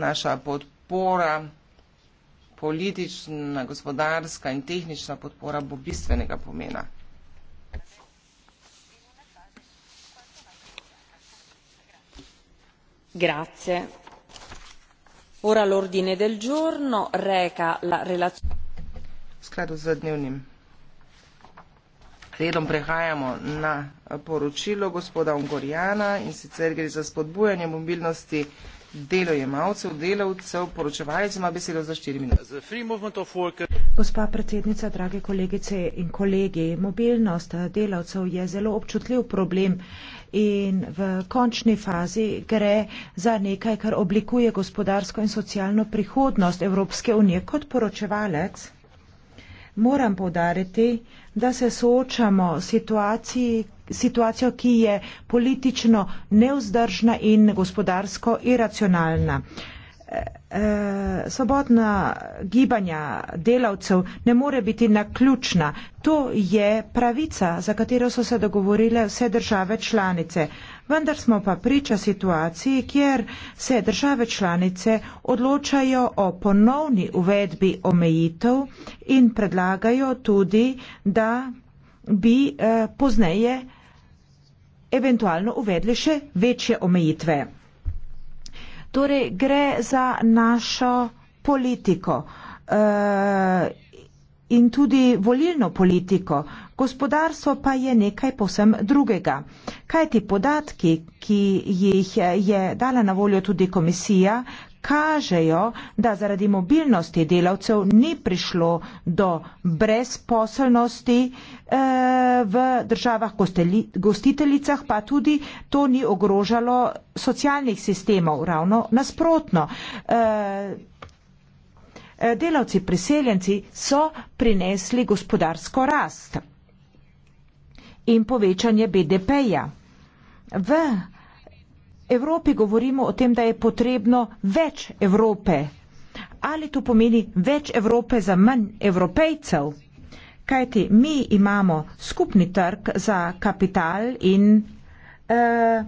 naša podpora, politična, gospodarska in tehnična podpora bo bistvenega pomena. Grazie. Ora l'ordine del giorno reca la relazione. V skladu z dnevnim redom prehajamo na poročilo gospoda Ungorjana in sicer gre za spodbujanje mobilnosti delojemalcev, delavcev, poročevalcev, ima besedo za 4 minute. Gospa predsednica, drage kolegice in kolegi, mobilnost eh, delavcev je zelo občutljiv problem in v končni fazi gre za nekaj, kar oblikuje gospodarsko in socialno prihodnost Evropske unije kot poročevalec moram povdariti, da se soočamo s situacijo, ki je politično neuzdržna in gospodarsko iracionalna. Eh, eh, svobodna gibanja delavcev ne more biti naključna. To je pravica, za katero so se dogovorile vse države članice. Vendar smo pa priča situaciji, kjer se države članice odločajo o ponovni uvedbi omejitev in predlagajo tudi, da bi eh, pozneje eventualno uvedli še večje omejitve. Torej, gre za našo politiko eh, in tudi volilno politiko. Gospodarstvo pa je nekaj povsem drugega. Kaj ti podatki, ki jih je dala na voljo tudi komisija, kažejo, da zaradi mobilnosti delavcev ni prišlo do brezposelnosti eh, v državah gostiteljicah, pa tudi to ni ogrožalo socialnih sistemov, ravno nasprotno. Eh, eh, delavci priseljenci so prinesli gospodarsko rast in povečanje BDP-ja. V Evropi govorimo o tem, da je potrebno več Evrope. Ali to pomeni več Evrope za manj evropejcev? Kajti mi imamo skupni trg za kapital in eh,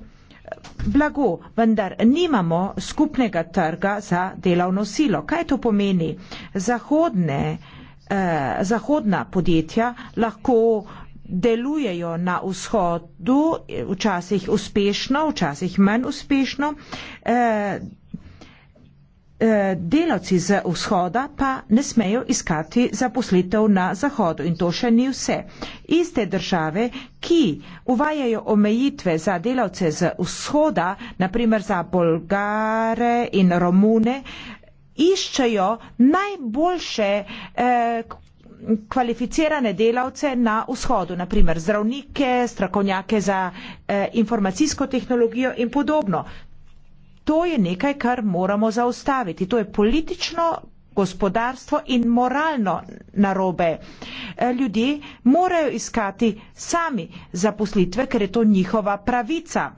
blago, vendar nimamo skupnega trga za delavno silo. Kaj to pomeni? Zahodne, eh, zahodna podjetja lahko delujejo na vzhodu, včasih uspešno, včasih manj uspešno. Eh, eh, delavci z vzhoda pa ne smejo iskati zaposlitev na zahodu in to še ni vse. Iste države, ki uvajajo omejitve za delavce z vzhoda, naprimer za Bolgare in Romune, iščejo najboljše eh, kvalificirane delavce na vzhodu, naprimer zdravnike, strakovnjake za eh, informacijsko tehnologijo in podobno. To je nekaj, kar moramo zaustaviti. To je politično, gospodarstvo in moralno narobe. Eh, ljudje morajo iskati sami zaposlitve, ker je to njihova pravica.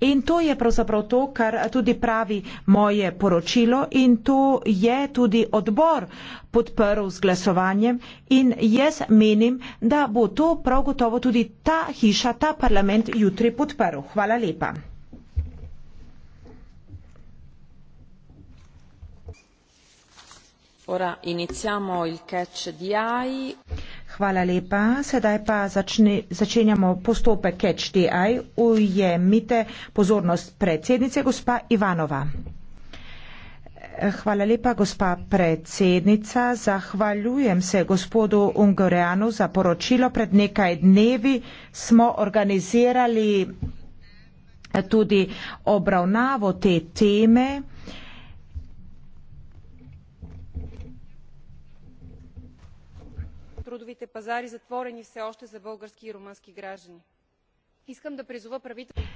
In to je pravzaprav to, kar tudi pravi moje poročilo in to je tudi odbor podprl z glasovanjem in jaz menim, da bo to prav gotovo tudi ta hiša, ta parlament jutri podprl. Hvala lepa. Ora iniziamo il catch di AI. Hvala lepa. Sedaj pa začne, začenjamo postopek catch-di. Ujemite pozornost predsednice, gospa Ivanova. Hvala lepa, gospa predsednica. Zahvaljujem se gospodu Ungorejanu za poročilo. Pred nekaj dnevi smo organizirali tudi obravnavo te teme. Uh, трудовите пазари затворени все още за български и румънски граждани. Искам да призова правителството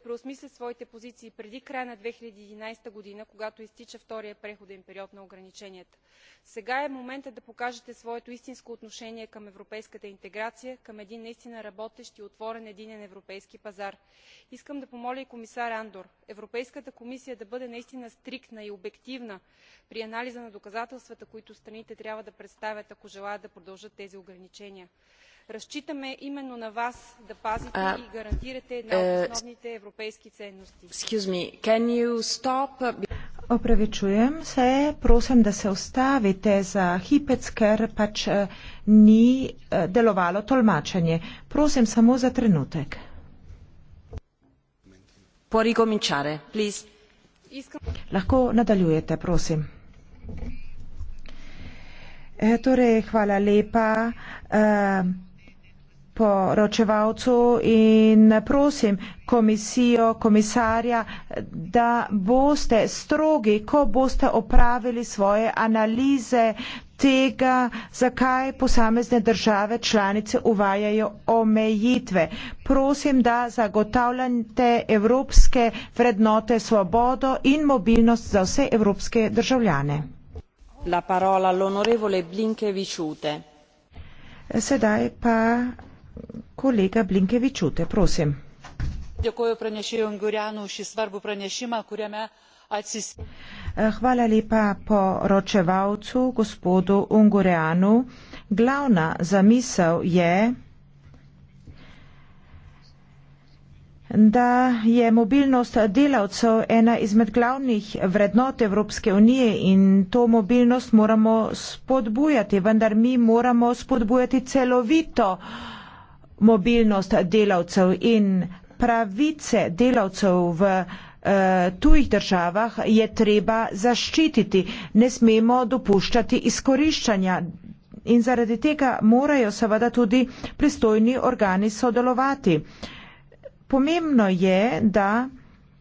преосмисли своите позиции преди края на две хиляди и единадесета година когато изтича вторият преходен период на ограниченията. сега е моментът да покажете своето истинско отношение към европейската интеграция към един наистина работещ и отворен единен европейски пазар. искам да помоля и комисар андор европейската комисия да бъде наистина стриктна и обективна при анализа на доказателствата които страните трябва да представят ако желаят да продължат тези ограничения разчитаме именно на вас да пазите и гарантирате една от основните европейски ценности. Excuse me, can you stop? Opravičujem se, prosim, da se ustavite za hipec, ker pač eh, ni eh, delovalo tolmačenje. Prosim samo za trenutek. Porigominčare, please. Lahko nadaljujete, prosim. E, torej, hvala lepa. E, poročevalcu in prosim komisijo, komisarja, da boste strogi, ko boste opravili svoje analize tega, zakaj posamezne države članice uvajajo omejitve. Prosim, da zagotavljate evropske vrednote, svobodo in mobilnost za vse evropske državljane. La parola l'onorevole Blinke Vičute. Sedaj pa Kolega Blinkevičiūtė, prosim. Dėkuoju pranešėjų Ungurianų šį svarbų pranešimą, kuriame atsisakė. Eh, hvala lepa poročevalcu gospodu Ungurianu. Glavna zamisel je, da je mobilnost delavcev ena izmed glavnih vrednot Evropske unije in to mobilnost moramo spodbujati, vendar mi moramo spodbujati celovito uh, mobilnost delavcev in pravice delavcev v eh, tujih državah je treba zaščititi. Ne smemo dopuščati izkoriščanja in zaradi tega morajo seveda tudi pristojni organi sodelovati. Pomembno je, da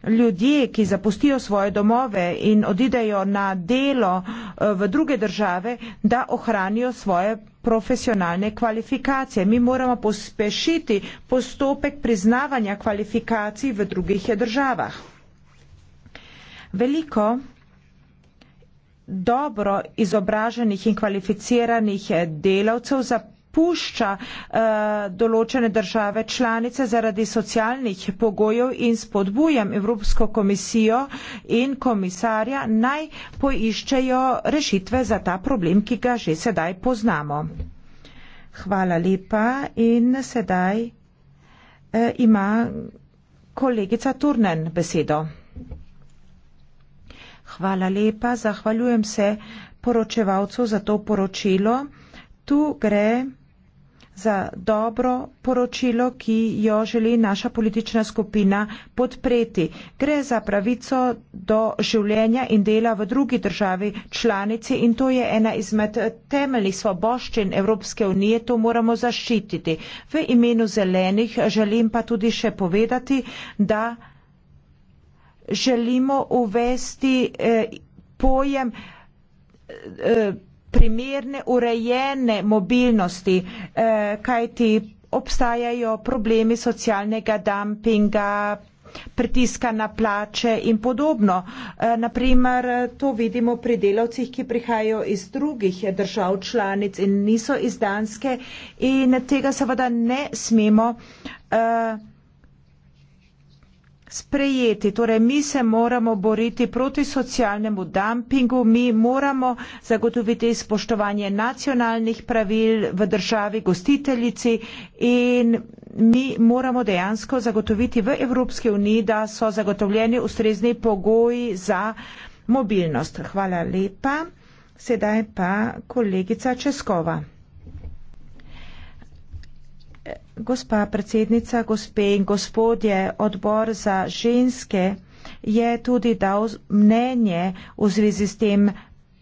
Ljudje, ki zapustijo svoje domove in odidejo na delo eh, v druge države, da ohranijo svoje profesionalne kvalifikacije. Mi moramo pospešiti postopek priznavanja kvalifikacij v drugih državah. Veliko dobro izobraženih in kvalificiranih eh, delavcev zapustijo pušča eh, določene države članice zaradi socialnih pogojev in spodbujam Evropsko komisijo in komisarja naj poiščejo rešitve za ta problem, ki ga že sedaj poznamo. Hvala lepa in sedaj eh, ima kolegica Turnen besedo. Hvala lepa, zahvaljujem se poročevalcu za to poročilo. Tu gre za dobro poročilo, ki jo želi naša politična skupina podpreti. Gre za pravico do življenja in dela v drugi državi članici in to je ena izmed temeljnih svoboščin Evropske unije, to moramo zaščititi. V imenu zelenih želim pa tudi še povedati, da želimo uvesti eh, pojem eh, primerne, urejene mobilnosti, eh, kajti obstajajo problemi socialnega dumpinga, pritiska na plače in podobno. Eh, Naprimer, to vidimo pri delavcih, ki prihajajo iz drugih držav članic in niso iz Danske in tega seveda ne smemo eh, sprejeti. Torej, mi se moramo boriti proti socialnemu dumpingu, mi moramo zagotoviti spoštovanje nacionalnih pravil v državi gostiteljici in mi moramo dejansko zagotoviti v Evropski uniji, da so zagotovljeni ustrezni pogoji za mobilnost. Hvala lepa. Sedaj pa kolegica Českova. Gospa predsednica, gospe in gospodje, odbor za ženske je tudi dal mnenje v zvezi s tem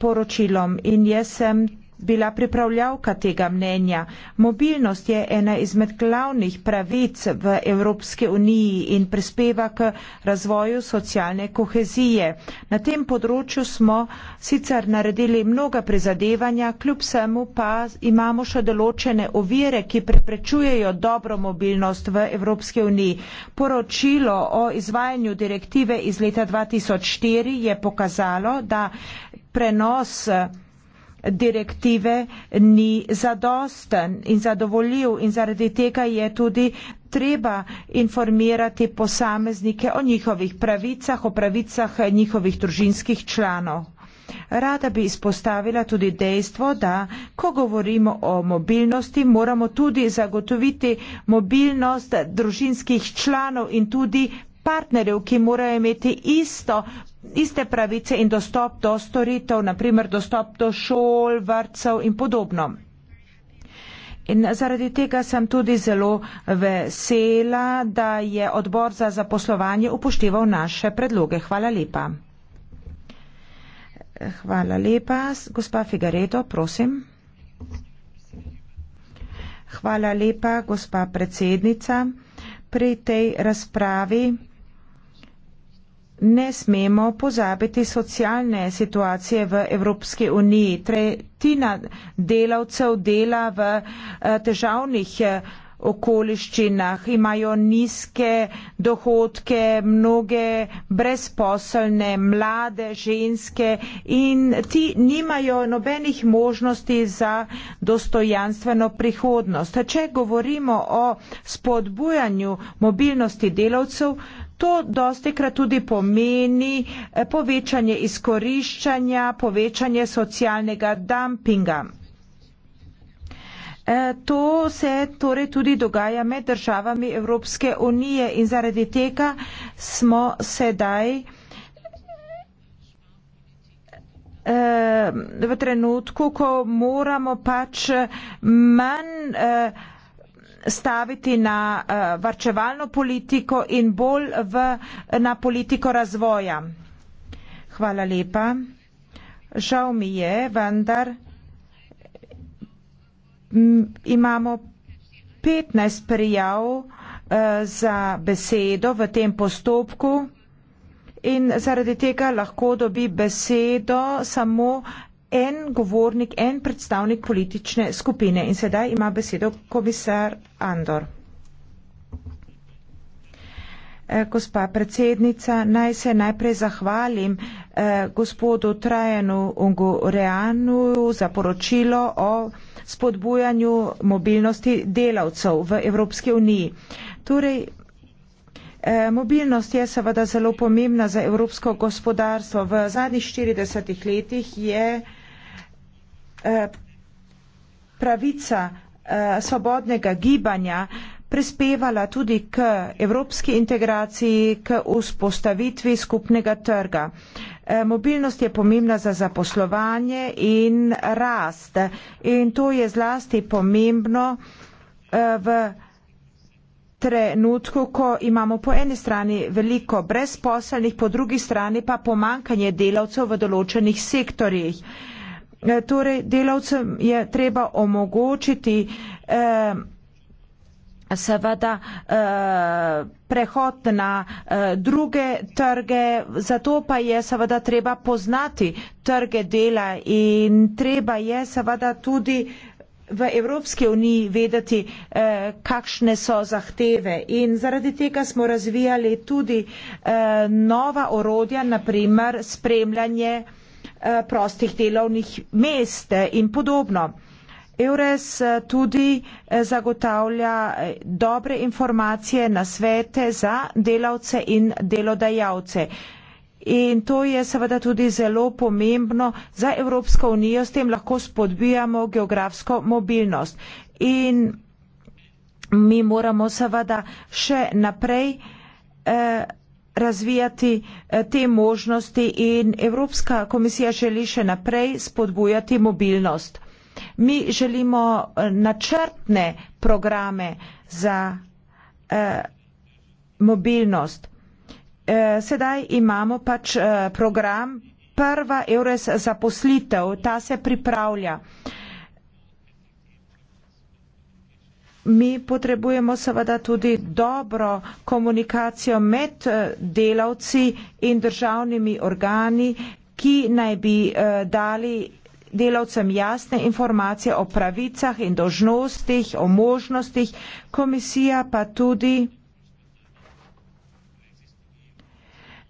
poročilom in jaz sem bila pripravljavka tega mnenja. Mobilnost je ena izmed glavnih pravic v Evropske uniji in prispeva k razvoju socialne kohezije. Na tem področju smo sicer naredili mnoga prizadevanja, kljub vsemu pa imamo še določene ovire, ki preprečujejo dobro mobilnost v Evropske uniji. Poročilo o izvajanju direktive iz leta 2004 je pokazalo, da prenos direktive ni zadosten in zadovoljiv in zaradi tega je tudi treba informirati posameznike o njihovih pravicah, o pravicah njihovih družinskih članov. Rada bi izpostavila tudi dejstvo, da ko govorimo o mobilnosti, moramo tudi zagotoviti mobilnost družinskih članov in tudi partnerjev, ki morajo imeti isto, iste pravice in dostop do storitev, naprimer dostop do šol, vrtcev in podobno. In zaradi tega sem tudi zelo vesela, da je odbor za zaposlovanje upošteval naše predloge. Hvala lepa. Hvala lepa. Gospa Figareto, prosim. Hvala lepa, gospa predsednica. Pri tej razpravi ne smemo pozabiti socialne situacije v Evropski uniji. Tretjina delavcev dela v eh, težavnih eh, okoliščinah, imajo nizke dohodke, mnoge brezposelne, mlade ženske in ti nimajo nobenih možnosti za dostojanstveno prihodnost. Če govorimo o spodbujanju mobilnosti delavcev, To dostikrat tudi pomeni eh, povečanje izkoriščanja, povečanje socialnega dumpinga. Eh, to se torej tudi dogaja med državami Evropske unije in zaradi tega smo sedaj eh, v trenutku, ko moramo pač manj staviti na eh, varčevalno politiko in bolj v, na politiko razvoja. Hvala lepa. Žal mi je, vendar imamo 15 prijav eh, za besedo v tem postopku in zaradi tega lahko dobi besedo samo en govornik, en predstavnik politične skupine. In sedaj ima besedo komisar Andor. Eh, gospa predsednica, naj se najprej zahvalim eh, gospodu Trajanu Ungureanu za poročilo o spodbujanju mobilnosti delavcev v Evropski uniji. Torej, eh, mobilnost je seveda zelo pomembna za evropsko gospodarstvo. V zadnjih 40 letih je Eh, pravica eh, svobodnega gibanja prispevala tudi k evropski integraciji, k vzpostavitvi skupnega trga. Eh, mobilnost je pomembna za zaposlovanje in rast in to je zlasti pomembno v trenutku, ko imamo po eni strani veliko brezposelnih, po drugi strani pa pomankanje delavcev v določenih sektorjih. E, torej delavcem je treba omogočiti eh, seveda eh, prehod na eh, druge trge, zato pa je seveda treba poznati trge dela in treba je seveda tudi v Evropski uniji vedeti, eh, kakšne so zahteve. In zaradi tega smo razvijali tudi eh, nova orodja, naprimer spremljanje eh, Eh, prostih delovnih mest in podobno. EURES eh, tudi eh, zagotavlja dobre informacije na svete za delavce in delodajalce. In to je seveda tudi zelo pomembno za Evropsko unijo, s tem lahko spodbijamo geografsko mobilnost. In mi moramo seveda še naprej eh, razvijati eh, te možnosti in Evropska komisija želi še naprej spodbujati mobilnost. Mi želimo eh, načrtne programe za eh, mobilnost. Eh, sedaj imamo pač eh, program prva EURES zaposlitev, ta se pripravlja. Eh, mi potrebujemo seveda tudi dobro komunikacijo med eh, delavci in državnimi organi, ki naj bi eh, dali delavcem jasne informacije o pravicah in dožnostih, o možnostih. Komisija pa tudi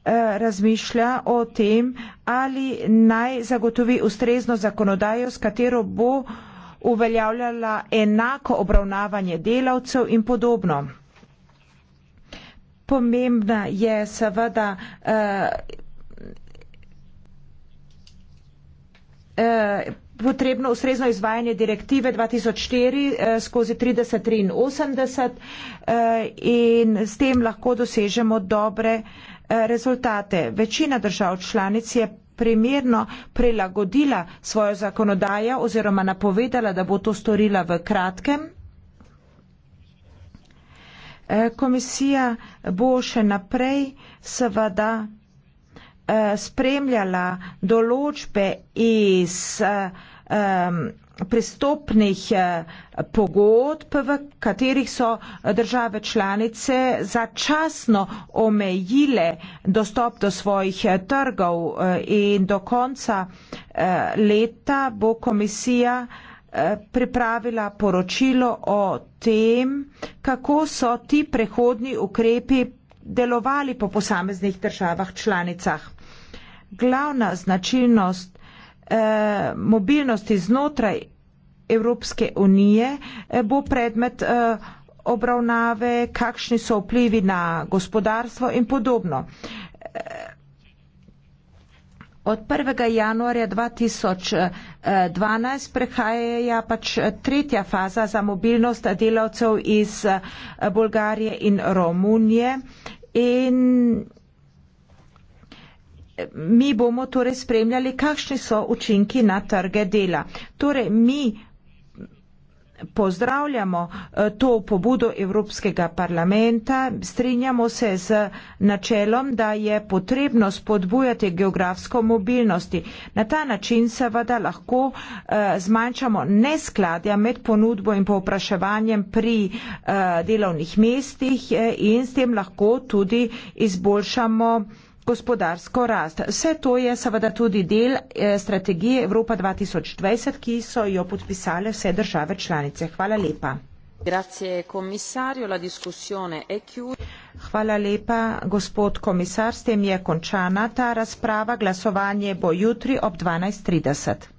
eh, razmišlja o tem, ali naj zagotovi ustrezno zakonodajo, s katero bo uveljavljala enako obravnavanje delavcev in podobno. Pomembna je seveda eh, eh, potrebno ustrezno izvajanje direktive 2004 eh, skozi 3083 eh, in s tem lahko dosežemo dobre eh, rezultate. Večina držav članic je primerno prilagodila svojo zakonodajo oziroma napovedala, da bo to storila v kratkem. Eh, komisija bo še naprej seveda eh, spremljala določbe iz um, prestopnih eh, pogodb, v katerih so države članice začasno omejile dostop do svojih eh, trgov eh, in do konca leta bo komisija pripravila poročilo o tem, kako so ti prehodni ukrepi delovali po posameznih državah članicah. Glavna značilnost eh, mobilnosti znotraj Evropske unije eh, bo predmet eh, obravnave, kakšni so vplivi na gospodarstvo in podobno. Eh, od 1. januarja 2012 eh, prehaja pač eh, tretja faza za mobilnost delavcev iz Bolgarije in Romunije in mi bomo torej spremljali, kakšni so učinki na trge dela. Torej, mi pozdravljamo eh, to pobudo Evropskega parlamenta, strinjamo se z načelom, da je potrebno spodbujati geografsko mobilnosti. Na ta način seveda lahko eh, zmanjšamo neskladja med ponudbo in povpraševanjem pri eh, delovnih mestih in s tem lahko tudi izboljšamo gospodarsko rast. Vse to je seveda tudi del eh, strategije Evropa 2020, ki so jo podpisale vse države članice. Hvala lepa. Hvala lepa, gospod komisar. S tem je končana ta razprava. Glasovanje bo jutri ob 12.30.